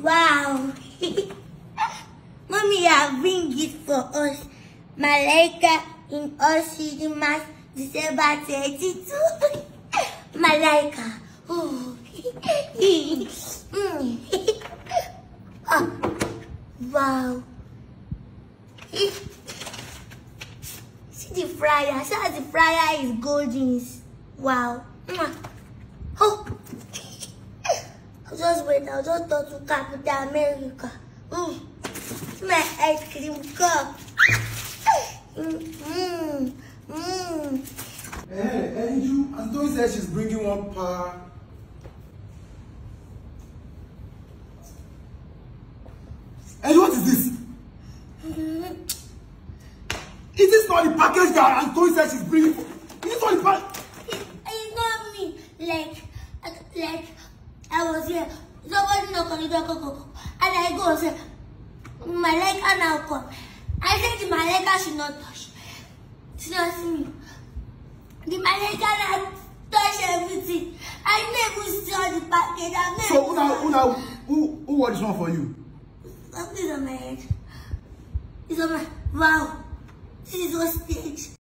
wow. Mommy have bring gift for us. Malaika in all city mass December 32. Malaika. Oh. oh. Wow. See the fryer. See how the fryer is golden. Wow. Oh, I just went, I just thought to Capital America. Mm. My ice cream cup. Mmm, mmm. Hey, Andrew, you, Antonio said she's bringing one per... Hey, what is this? Is this not the package that Antonio says she's bringing for like I was here. Somebody knock on the door, go. and I go and say, "My Malika now come. I said leg should not touch. She not see me. The my Malika now touch everything. I never saw the package. I never so who now, who now, who, who wore this one for you? Something's on my head. It's on my, wow. This is on stage.